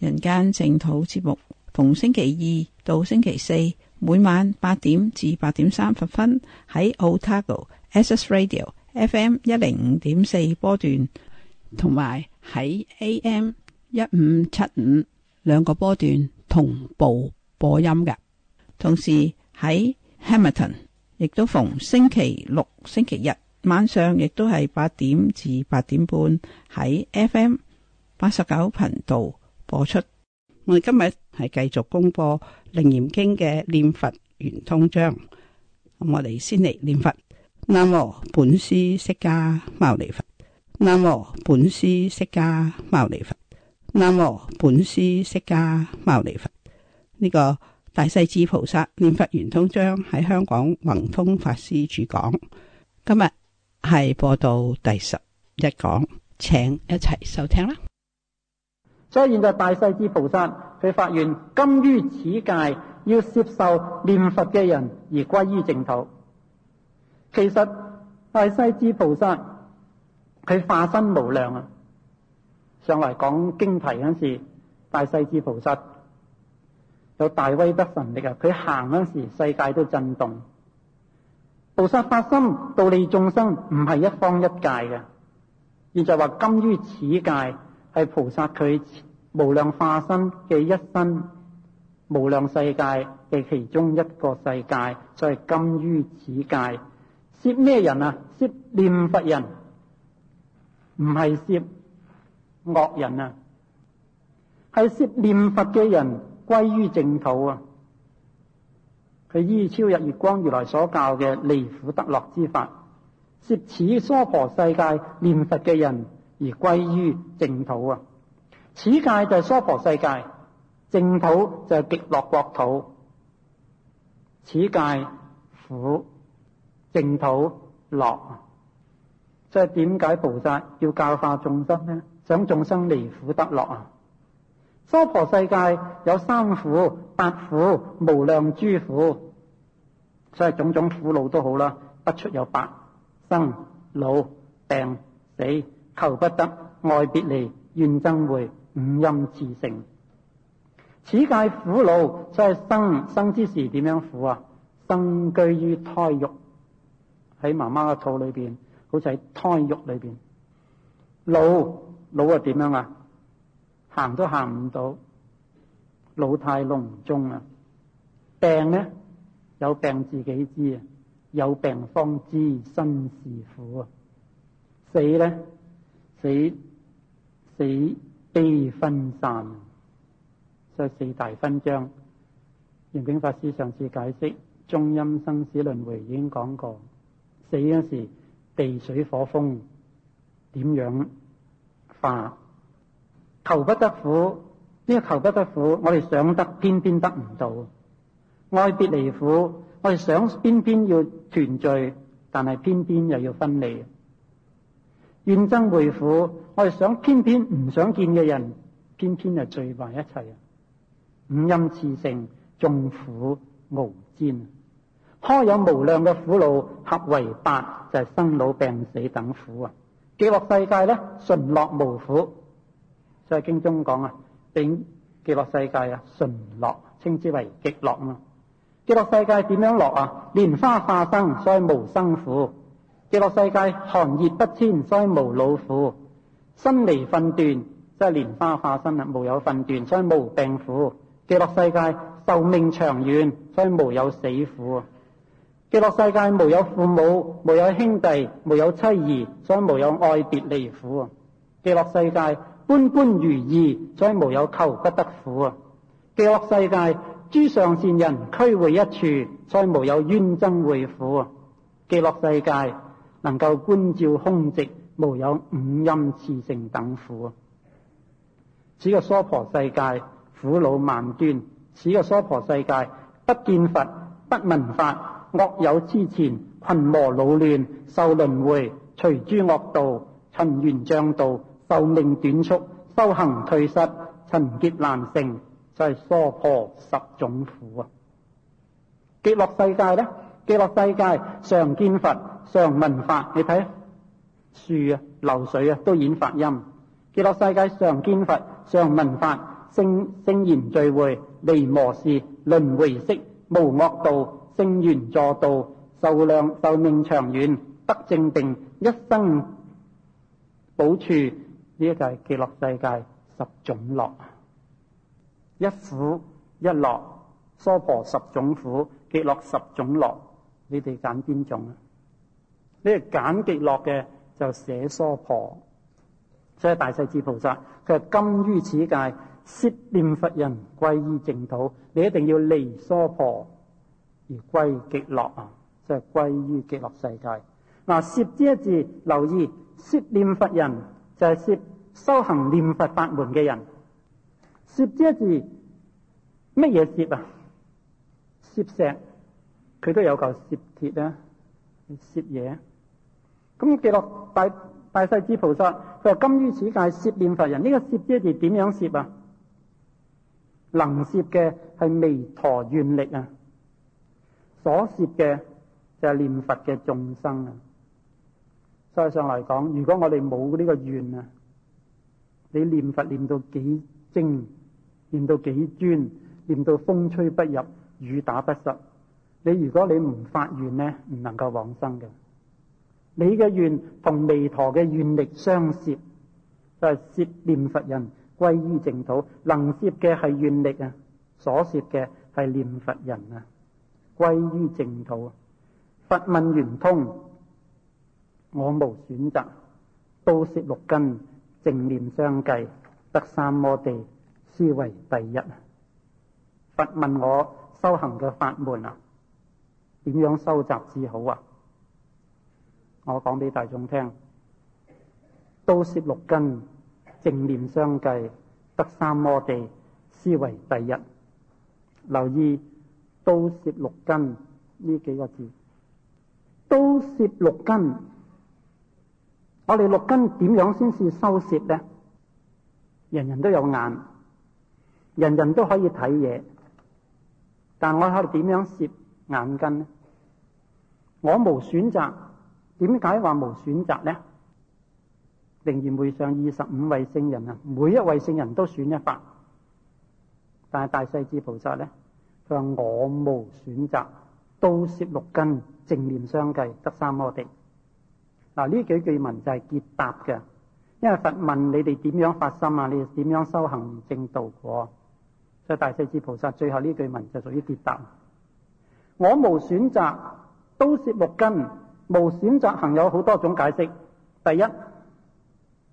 人間淨土節目，逢星期二到星期四，每晚八點至八點三十分喺 Otago Access Radio F M 一零五點四波段，同埋喺 A M 一五七五兩個波段同步播音嘅。同時喺 Hamilton 亦都逢星期六、星期日晚上，亦都係八點至八點半喺 F M 八十九頻道播出，我哋今日係繼續公播《楞嚴經》嘅念佛圓通章。咁我哋先嚟念佛，南無本師釋迦牟尼佛，南無本師釋迦牟尼佛，南無本師釋迦牟尼佛。呢個大勢至菩薩念佛圓通章喺香港宏通法師主講，今日係播到第十一講，請一齊收聽啦。所以現在大勢至菩薩佢發願今於此界要攝受念佛嘅人而歸於淨土。其實大勢至菩薩佢化身無量啊！上嚟講經題嗰陣時，大勢至菩薩有大威德神力啊！佢行嗰陣時，世界都震動。菩薩發心度利眾生，唔係一方一界嘅，現在話今於此界。係菩薩佢無量化身嘅一生，無量世界嘅其中一個世界，就係今於此界，攝咩人啊？攝念佛人，唔係攝惡人啊，係攝念佛嘅人歸於淨土啊！佢依超日月光如來所教嘅離苦得樂之法，攝此娑婆世界念佛嘅人。而歸於淨土啊！此界就係娑婆世界，淨土就係極樂國土。此界苦，淨土樂，即係點解菩薩要教化眾生呢？想眾生離苦得樂啊！娑婆世界有三苦、八苦、無量諸苦，所以種種苦惱都好啦。不出有八生老病死。求不得，愛別離，怨憎會，五陰熾盛。此界苦惱，在生生之時，點樣苦啊？生居於胎獄，喺媽媽嘅肚裏邊，好似喺胎獄裏邊。老老啊，點樣啊？行都行唔到，老態龍鍾啊！病呢？有病自己知啊，有病方知身是苦啊。死咧。死死悲分散，所以四大分章。圓鏡法師上次解釋中陰生死輪迴已經講過，死嗰時地水火風點樣化？求不得苦，呢個求不得苦，我哋想得偏偏得唔到；愛別離苦，我哋想偏偏要團聚，但係偏偏又要分離。怨憎會苦，我哋想偏偏唔想見嘅人，偏偏就聚埋一齊。五陰熾盛，眾苦熬煎，開有無量嘅苦惱，合為八就係、是、生老病死等苦、就是、啊！極樂世界咧，純樂無苦。所以經中講啊，並極樂世界啊，純樂稱之為極樂啊。極樂世界點樣樂啊？蓮花化生，所以無生苦。極樂世界寒熱不遷，雖無老苦；身離分段，即係蓮花化身啊！無有分段，雖無病苦；極樂世界壽命長遠，雖無有死苦；極樂世界無有父母，無有兄弟，無有妻兒，所以無有愛別離苦；極樂世界般般如意，所以無有求不得苦；極樂世界諸上善人俱會一處，所以無有冤憎會苦；極樂世界。能夠觀照空寂，無有五陰、熾盛等苦。此個娑婆世界苦惱萬端，此個娑婆世界不見佛，不聞法，惡友之纏，群魔惱亂，受輪迴，隨諸惡道，塵緣障道，壽命短促，修行退失，塵劫難成，就係、是、娑婆十種苦啊！極樂世界呢，極樂世界常見佛。常聞法，你睇樹啊、流水啊，都演法音。極樂世界常見佛，常聞法，聖聖賢聚會，離魔事，輪回息，無惡道，聖緣助道，壽量壽命長遠，得正定，一生保處。呢一個係極樂世界十種樂，一苦一樂，娑婆十種苦，極樂十種樂，你哋揀邊種啊？你係揀極樂嘅就捨娑婆」。所以大勢至菩薩佢係今於此界，攝念佛人歸於淨土。你一定要離娑婆」，而歸極樂啊，即係歸於極樂世界。嗱，攝之一字留意，攝念佛人就係、是、攝修行念佛法門嘅人。攝之一字乜嘢攝」啊？攝石佢都有嚿攝鐵啦、啊，攝嘢。咁記落大大勢至菩薩，佢話：今於此界攝念佛人，呢、這個攝呢字點樣攝啊？能攝嘅係彌陀願力啊，所攝嘅就係、是、念佛嘅眾生啊。事實上嚟講，如果我哋冇呢個願啊，你念佛念到幾精，念到幾專，念到風吹不入，雨打不濕，你如果你唔發願呢，唔能夠往生嘅。你嘅願同彌陀嘅願力相攝，就係攝念佛人歸於淨土。能攝嘅係願力啊，所攝嘅係念佛人啊，歸於淨土。佛問圓通，我無選擇，都攝六根，淨念相繼，得三摩地，是為第一。佛問我修行嘅法門啊，點樣修習至好啊？我講俾大眾聽，都攝六根，正念相繼，得三摩地，思維第一。留意都攝六根呢幾個字，都攝六根。我哋六根點樣先至修攝呢？人人都有眼，人人都可以睇嘢，但我喺度點樣攝眼根呢？我冇選擇。點解話冇選擇咧？楞嚴會上二十五位聖人啊，每一位聖人都選一法。但係大勢至菩薩咧，佢話我無選擇，都攝六根，淨念相繼，得三摩地。嗱，呢幾句文就係結答嘅，因為佛問你哋點樣發心啊？你哋點樣修行正道果？所以大勢至菩薩最後呢句文就屬於結答。我無選擇，都攝六根。無選擇行有好多種解釋。第一，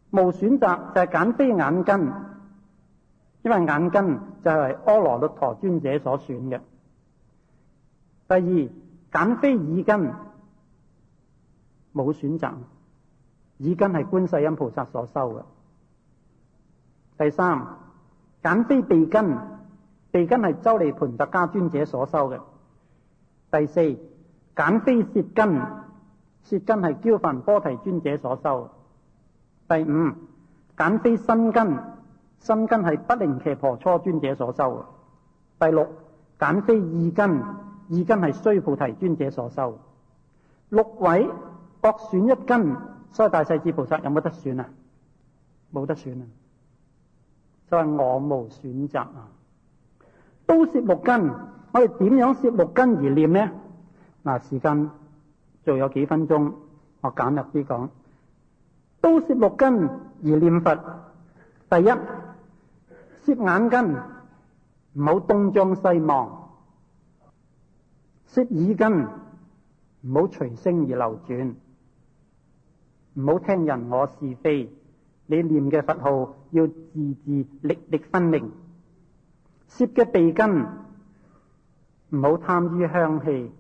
無選擇就係揀非眼根，因為眼根就係阿羅律陀尊者所選嘅。第二，揀非耳根，冇選擇，耳根係觀世音菩薩所修嘅。第三，揀非鼻根，鼻根係周利盤特加尊者所修嘅。第四，揀非舌根。舌根係憍梵波提尊者所修。第五簡非身根，身根係不靈伽婆蹉尊者所修。第六簡非意根，意根係須菩提尊者所修。六位各選一根，所以大勢至菩薩有冇得選啊？冇得選啊！所以我冇選擇啊！都攝六根，我哋點樣攝六根而念呢？嗱，時間。仲有幾分鐘，我簡略啲講。都攝六根而念佛，第一攝眼根，唔好東張西望；攝耳根，唔好隨聲而流轉；唔好聽人我是非。你念嘅佛號要字字力力分明。攝嘅鼻根，唔好貪於香氣。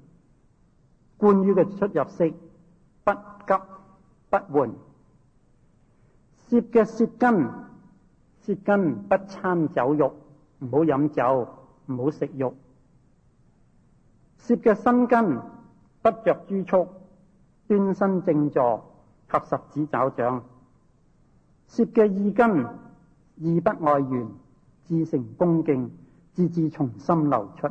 冠於嘅出入息：「不急不緩；攝嘅舌根，舌根不餐酒肉，唔好飲酒，唔好食肉；攝嘅身根，不着諸慾，端身正坐，及十指爪掌；攝嘅意根，意不外緣，自成恭敬，字字從心流出。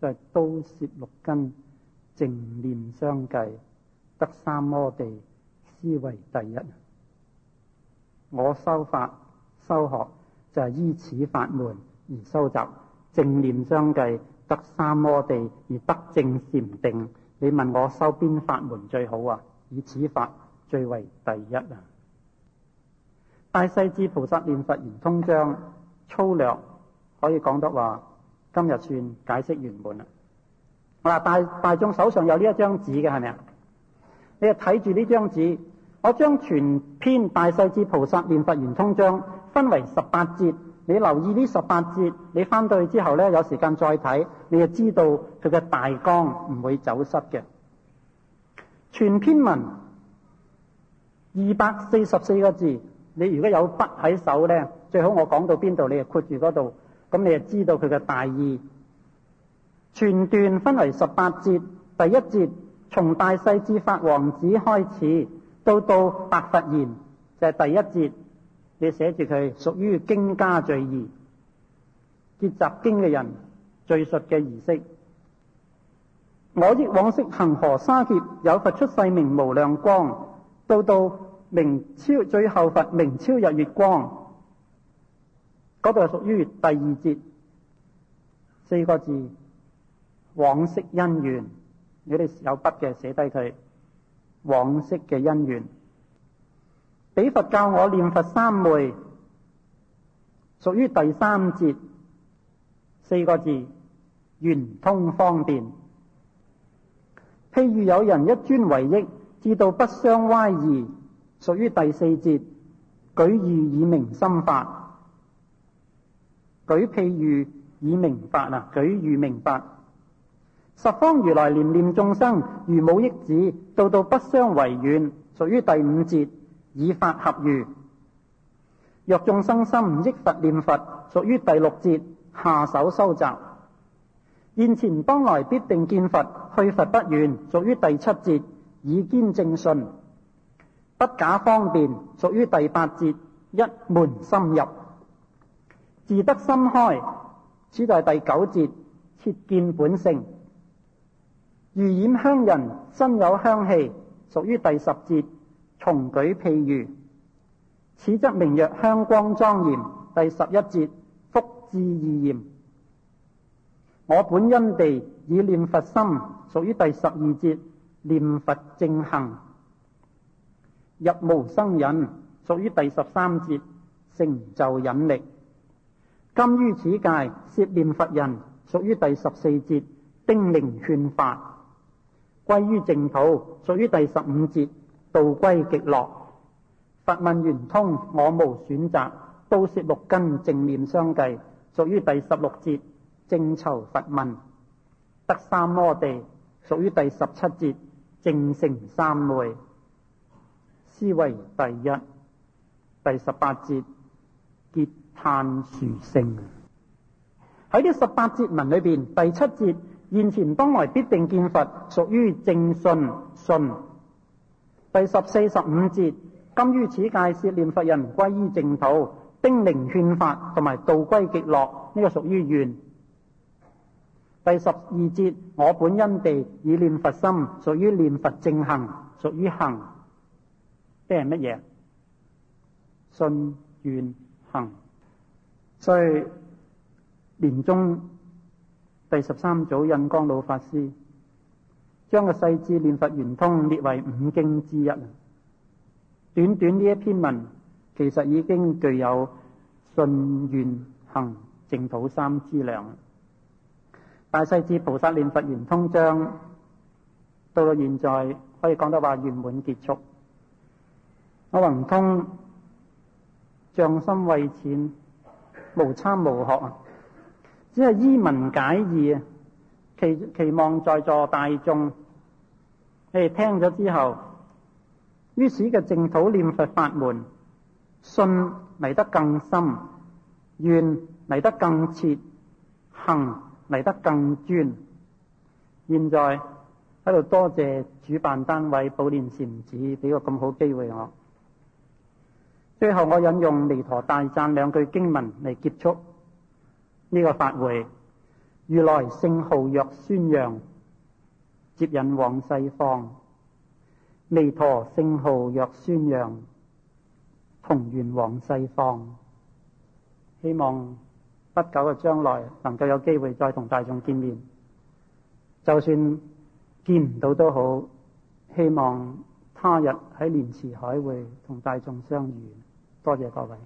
就係、是、都攝六根。正念相繼得三摩地，思為第一。我修法修學就係、是、依此法門而修集；正念相繼得三摩地而得正禪定。你問我修邊法門最好啊，以此法最為第一啊！大勢至菩薩念佛圓通章粗略可以講得話，今日算解釋圓滿啦。嗱，大大眾手上有呢一張紙嘅係咪啊？你就睇住呢張紙，我將全篇大勢至菩薩念佛圓通章分為十八節，你留意呢十八節，你翻到去之後咧，有時間再睇，你就知道佢嘅大綱唔會走失嘅。全篇文二百四十四個字，你如果有筆喺手咧，最好我講到邊度，你就括住嗰度，咁你就知道佢嘅大意。全段分為十八節，第一節從大勢至法王子開始，到到白佛言，就係、是、第一節。你寫住佢屬於經家敘儀結集經嘅人敘述嘅儀式。我憶往昔恆河沙劫，有佛出世名無量光，到到名超最後佛名超日月光，嗰度屬於第二節，四個字。往昔因緣，你哋有筆嘅寫低佢。往昔嘅因緣，比佛教我念佛三昧，屬於第三節，四個字，圓通方便。譬如有人一專為益，至道不相歪異，屬於第四節，舉喻以明心法，舉譬喻以明法。啊，舉喻明白。十方如來憐念眾生，如母憶子，道到不相違遠，屬於第五節以法合喻。若眾生心憶佛念佛，屬於第六節下手收集。現前當來必定見佛，去佛不遠，屬於第七節以堅正信。不假方便，屬於第八節一門深入。自得心開，處在第九節切見本性。如染香人，身有香氣，屬於第十節。重舉譬喻，此則名曰香光莊嚴。第十一節，福智二嚴。我本因地以念佛心，屬於第十二節。念佛正行，入無生忍，屬於第十三節。成就忍力。今於此界攝念佛人，屬於第十四節。叮嚀勸法。歸於淨土，屬於第十五節道歸極樂。佛問圓通，我無選擇。都攝六根淨念相繼，屬於第十六節正酬佛問得三摩地，屬於第十七節正成三昧。斯為第一。第十八節結嘆殊勝。喺呢十八節文裏邊，第七節。現前當來必定見佛，屬於正信信。第十四十五節，今於此界，攝念佛人歸依淨土，丁寧勸法同埋道歸極樂，呢、這個屬於願。第十二節，我本因地以念佛心，屬於念佛正行，屬於行。即係乜嘢？信願行。所以年終。第十三組印光老法師將個《勢至念佛圓通》列為五經之一。短短呢一篇文，其實已經具有信願行淨土三資糧。大勢至菩薩念佛圓通章到到現在可以講得話圓滿結束。我話唔通，匠心為淺，無參無學啊！只係依文解義，期，期望在座大眾，你哋聽咗之後，於此嘅淨土念佛法門，信嚟得更深，願嚟得更切，行嚟得更專。現在喺度多謝主辦單位寶蓮禪寺俾個咁好機會我。最後我引用彌陀大讚兩句經文嚟結束。呢個法會，如來聖號若宣揚，接引往西方，彌陀聖號若宣揚，同願往西方。希望不久嘅將來，能夠有機會再同大眾見面，就算見唔到都好，希望他日喺蓮池海會同大眾相遇。多謝各位。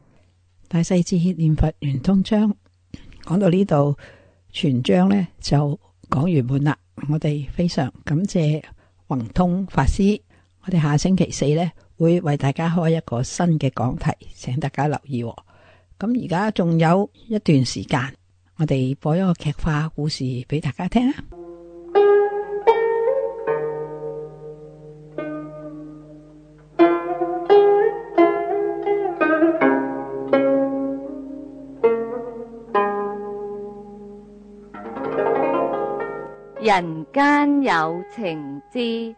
大勢至念佛圓通章。講到呢度，全章呢就講完滿啦。我哋非常感謝宏通法師。我哋下星期四呢會為大家開一個新嘅講題，請大家留意哦。咁而家仲有一段時間，我哋播一個劇化故事俾大家聽啊！人間有情之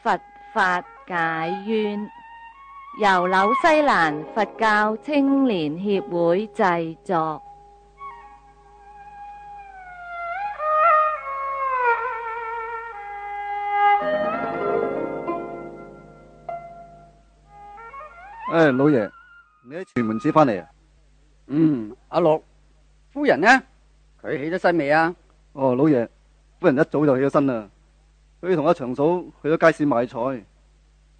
佛法解冤。由紐西蘭佛教青年協會製作。誒，老爺，你喺前門市翻嚟啊？嗯，阿六，夫人呢？佢起得身未啊？哦，老爺。啲個人一早就起咗身啦，佢同阿長嫂去咗街市買菜。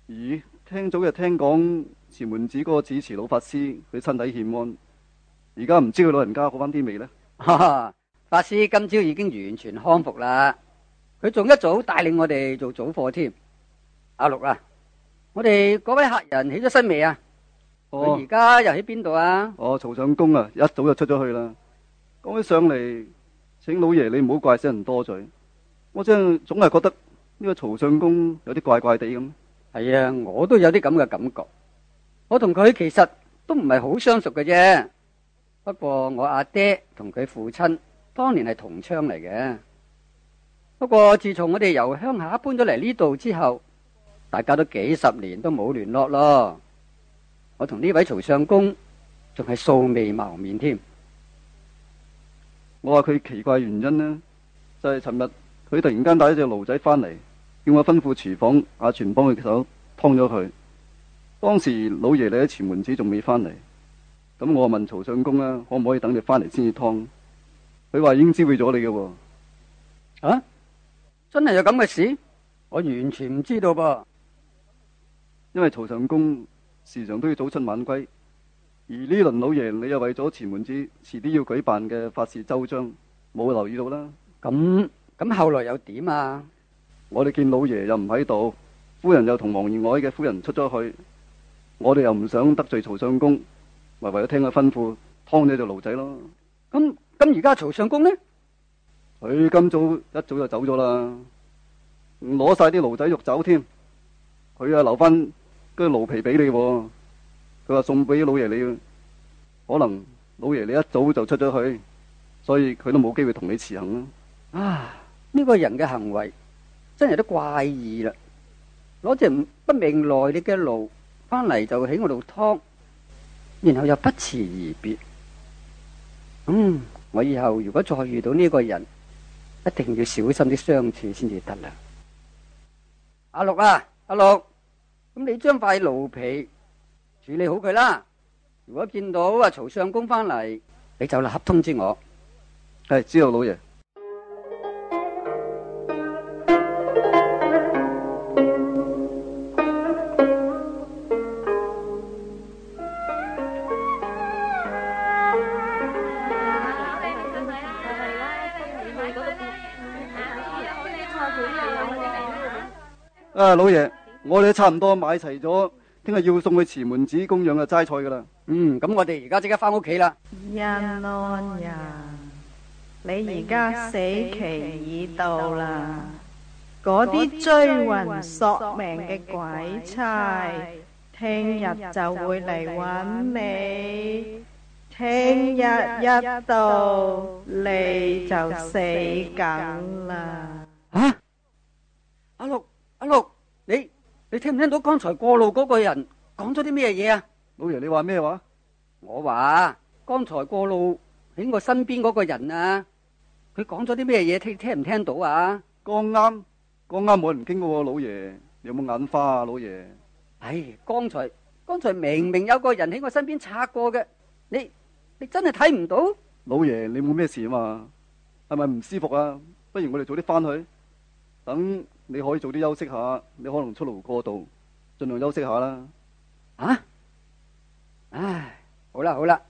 咦，聽早就聽講前門寺嗰個住持老法師佢身體欠安，而家唔知佢老人家好翻啲未呢？哈哈，法師今朝已經完全康復啦，佢仲一早帶領我哋做早課添。阿六啊，我哋嗰位客人起咗身未啊？佢而家又喺邊度啊？哦，曹長工啊，一早就出咗去啦。講起上嚟，請老爺你唔好怪死人多嘴。我真係總係覺得呢個曹相公有啲怪怪地咁。係啊，我都有啲咁嘅感覺。我同佢其實都唔係好相熟嘅啫。不過我阿爹同佢父親當年係同窗嚟嘅。不過自從我哋由鄉下搬咗嚟呢度之後，大家都幾十年都冇聯絡咯。我同呢位曹相公仲係素未謀面添。我話佢奇怪原因呢，就係尋日。佢突然間帶一隻驢仔翻嚟，叫我吩咐廚房阿全幫佢手劏咗佢。當時老爺你喺前門子仲未翻嚟，咁我問曹上公啦，可唔可以等你翻嚟先至劏？佢話已經知會咗你嘅喎。啊，真係有咁嘅事？我完全唔知道噃，因為曹上公時常都要早出晚歸，而呢輪老爺你又為咗前門子遲啲要舉辦嘅法事周章，冇留意到啦。咁。咁後來又點啊？我哋見老爺又唔喺度，夫人又同王員外嘅夫人出咗去，我哋又唔想得罪曹相公，咪為咗聽佢吩咐，劏你隻奴仔咯。咁，咁而家曹相公呢？佢今早一早就走咗啦，攞晒啲奴仔肉走添。佢啊，留翻嗰個奴皮俾你，佢話送俾老爺你。可能老爺你一早就出咗去，所以佢都冇機會同你辭行啦。啊！呢個人嘅行為真係有啲怪異啦！攞隻不明來歷嘅驢翻嚟就喺我度劏，然後又不辭而別。咁、嗯、我以後如果再遇到呢個人，一定要小心啲相處先至得啦。阿六啊，啊，阿、啊、六，咁你將塊驢皮處理好佢啦。如果見到阿曹相公翻嚟，你就立刻通知我。係，知道，老爺。老爺，我哋都差唔多買齊咗聽日要送去慈門寺供養嘅齋菜噶啦。嗯，咁我哋而家即刻翻屋企啦。人啊，你而家死期已到啦，嗰啲追魂索命嘅鬼差，聽日就會嚟揾你聽日一到你就死梗啦。啊？阿六，阿六。你聽唔聽到剛才過路嗰個人講咗啲咩嘢啊？老爺，你話咩話？我話啊，剛才過路喺我身邊嗰個人啊，佢講咗啲咩嘢？聽聽唔聽到啊？剛啱，剛啱，冇人經過嘅喎，老爺，你有冇眼花啊？老爺，唉、哎，剛才剛才明明有個人喺我身邊擦過嘅，你你真係睇唔到？老爺，你冇咩事啊嘛？係咪唔舒服啊？不如我哋早啲翻去，等。你可以早啲休息下，你可能操勞過度，盡量休息下啦。啊！唉，好啦好啦，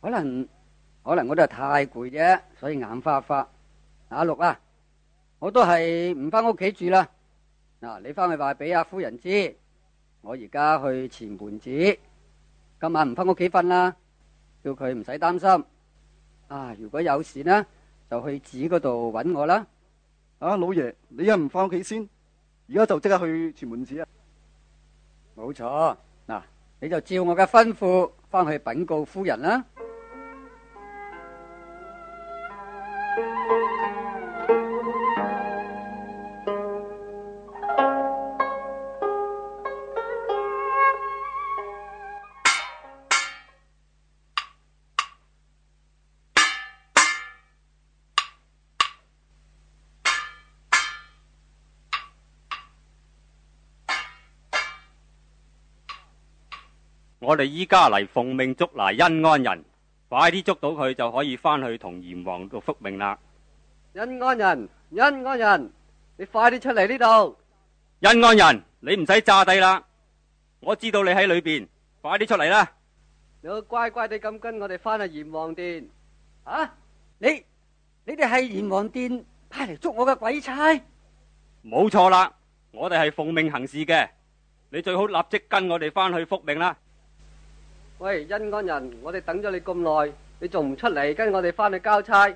可能可能我都係太攰啫，所以眼花花。阿六啊，我都係唔翻屋企住啦。嗱，你翻去話俾阿夫人知，我而家去前門寺，今晚唔翻屋企瞓啦，叫佢唔使擔心。啊，如果有事呢，就去寺嗰度搵我啦。啊，老爺，你又唔翻屋企先，而家就即刻去前門市啊！冇錯，嗱，你就照我嘅吩咐，翻去稟告夫人啦。我哋依家嚟奉命捉拿陰安人，快啲捉到佢就可以翻去同閻王度復命啦。陰安人，陰安人，你快啲出嚟呢度！陰安人，你唔使詐帝啦，我知道你喺裏邊，快啲出嚟啦！你要乖乖地咁跟我哋翻去閻王殿啊！你你哋係閻王殿派嚟捉我嘅鬼差，冇錯啦！我哋係奉命行事嘅，你最好立即跟我哋翻去復命啦。喂，恩安人，我哋等咗你咁耐，你仲唔出嚟跟我哋翻去交差？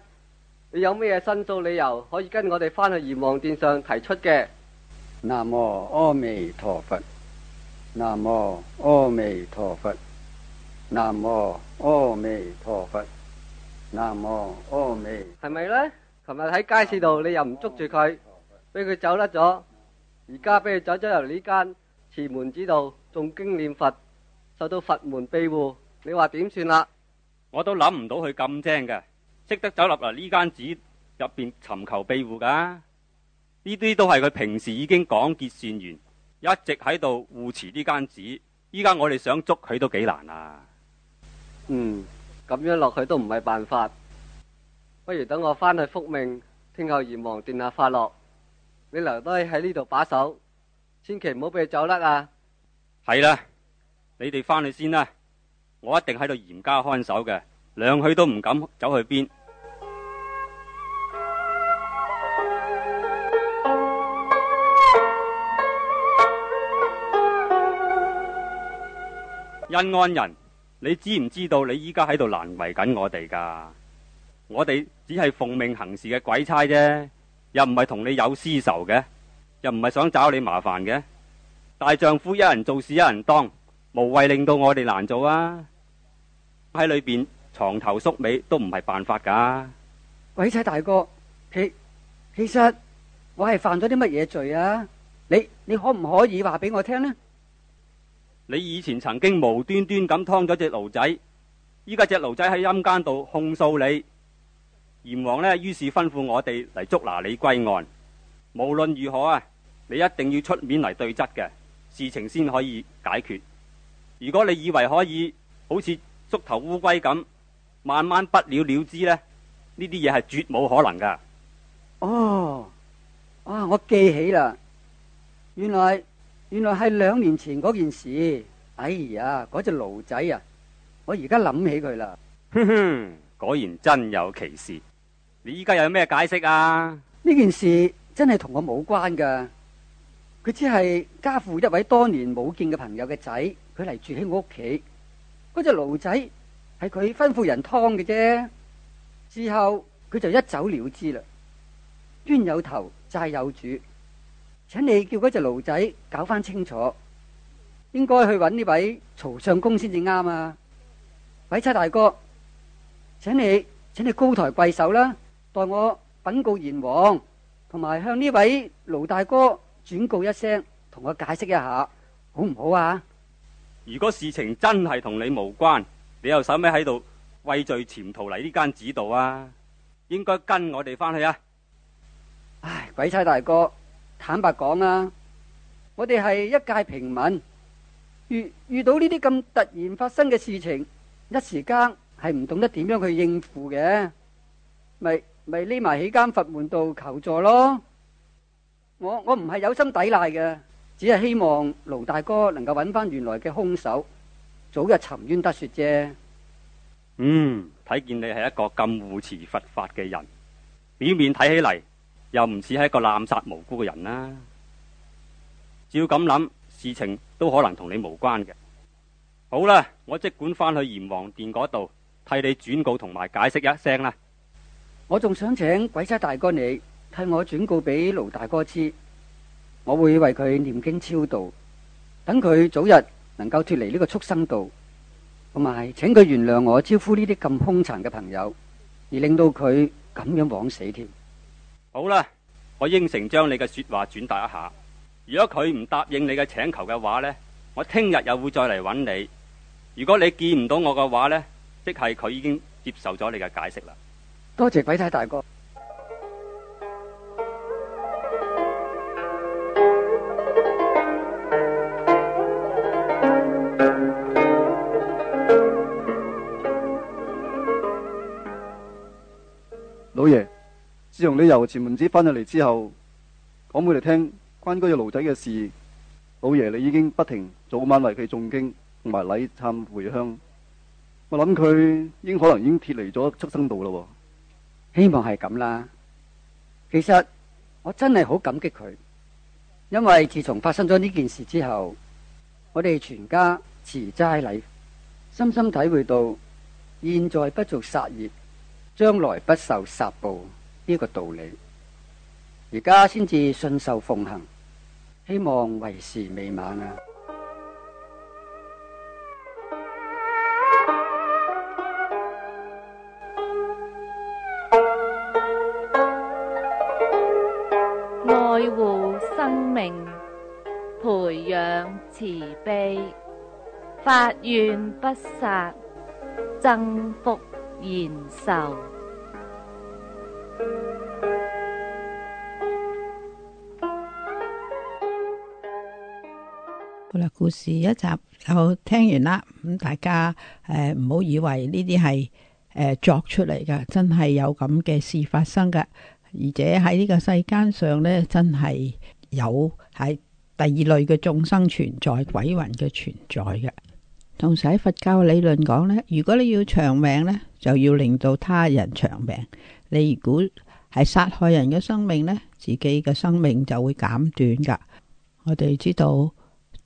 你有咩申訴理由可以跟我哋翻去閻王殿上提出嘅？南無阿彌陀佛，南無阿彌陀佛，南無阿彌陀佛，南無阿彌。係咪咧？琴日喺街市度，你又唔捉住佢，俾佢走甩咗，而家俾佢走咗入呢間慈門寺度誦經念佛。受到佛門庇護，你話點算啦？我都諗唔到佢咁精嘅，識得走入嚟呢間寺入邊尋求庇護噶、啊。呢啲都係佢平時已經廣結善緣，一直喺度護持呢間寺。依家我哋想捉佢都幾難啊。嗯，咁樣落去都唔係辦法，不如等我翻去復命，聽候閻王殿下發落。你留低喺呢度把守，千祈唔好俾佢走甩啊！係啦、啊。你哋翻去先啦，我一定喺度嚴加看守嘅，兩去都唔敢走去邊。恩 安人，你知唔知道你依家喺度難為緊我哋噶，我哋只係奉命行事嘅鬼差啫，又唔係同你有私仇嘅，又唔係想找你麻煩嘅。大丈夫一人做事一人當。無謂令到我哋難做啊！喺裏邊藏頭縮尾都唔係辦法噶，啊。鬼仔大哥，其其實我係犯咗啲乜嘢罪啊？你你可唔可以話俾我聽、啊、呢？你以前曾經無端端咁劏咗隻奴仔，依家隻奴仔喺陰間度控訴你，閻王呢，於是吩咐我哋嚟捉拿你歸案。無論如何啊，你一定要出面嚟對質嘅事情先可以解決。如果你以為可以好似縮頭烏龜咁慢慢不了了之呢，呢啲嘢係絕冇可能噶。哦，哇、啊！我記起啦，原來原來係兩年前嗰件事。哎呀，嗰隻爐仔啊，我而家諗起佢啦。哼哼，果然真有其事。你依家有咩解釋啊？呢件事真係同我冇關噶。佢只係家父一位多年冇見嘅朋友嘅仔。佢嚟住喺我屋企，嗰隻爐仔係佢吩咐人湯嘅啫。之後佢就一走了之啦。冤有頭，債有主，請你叫嗰隻爐仔搞翻清楚，應該去揾呢位曹相公先至啱啊。鬼差大哥，請你，請你高抬貴手啦，代我禀告閻王，同埋向呢位盧大哥轉告一聲，同我解釋一下，好唔好啊？如果事情真係同你無關，你又使咩喺度畏罪潛逃嚟呢間寺度啊？應該跟我哋翻去啊！唉，鬼差大哥，坦白講啊，我哋係一介平民，遇遇到呢啲咁突然發生嘅事情，一時間係唔懂得點樣去應付嘅，咪咪匿埋喺間佛門度求助咯。我我唔係有心抵賴嘅。只係希望盧大哥能夠搵翻原來嘅凶手，早日沉冤得雪啫。嗯，睇見你係一個咁護持佛法嘅人，表面睇起嚟，又唔似係一個濫殺無辜嘅人啦。照咁諗，事情都可能同你無關嘅。好啦，我即管翻去閻王殿嗰度，替你轉告同埋解釋一聲啦。我仲想請鬼差大哥你替我轉告俾盧大哥知。我會為佢念經超度，等佢早日能夠脫離呢個畜生道，同埋請佢原諒我招呼呢啲咁兇殘嘅朋友，而令到佢咁樣枉死添。好啦，我應承將你嘅說話轉達一下。如果佢唔答應你嘅請求嘅話呢，我聽日又會再嚟搵你。如果你見唔到我嘅話呢，即係佢已經接受咗你嘅解釋啦。多謝鬼太大哥。自從你由前門子翻入嚟之後，講俾你聽關於個路仔嘅事，老爺你已經不停早晚為佢誦經同埋禮懺回鄉。我諗佢應該可能已經脫離咗出生道咯。希望係咁啦。其實我真係好感激佢，因為自從發生咗呢件事之後，我哋全家持齋禮，深深體會到現在不做殺業，將來不受殺報。呢個道理，而家先至信受奉行，希望為時未晚啊！愛護生命，培養慈悲，發願不殺，增福延壽。故事一集就聽完啦。咁大家誒，唔好以為呢啲係誒作出嚟噶真係有咁嘅事發生噶。而且喺呢個世間上呢，真係有喺第二類嘅眾生存在，鬼魂嘅存在嘅。同時喺佛教理論講呢，如果你要長命呢，就要令到他人長命。你如果係殺害人嘅生命呢，自己嘅生命就會減短噶。我哋知道。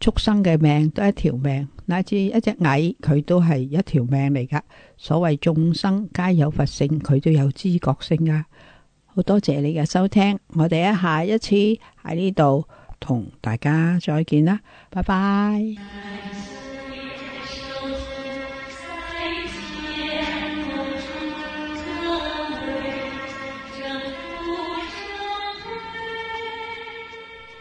畜生嘅命都係一條命，乃至一隻蟻，佢都係一條命嚟噶。所謂眾生皆有佛性，佢都有知覺性噶、啊。好多謝你嘅收聽，我哋下一次喺呢度同大家再見啦，拜拜。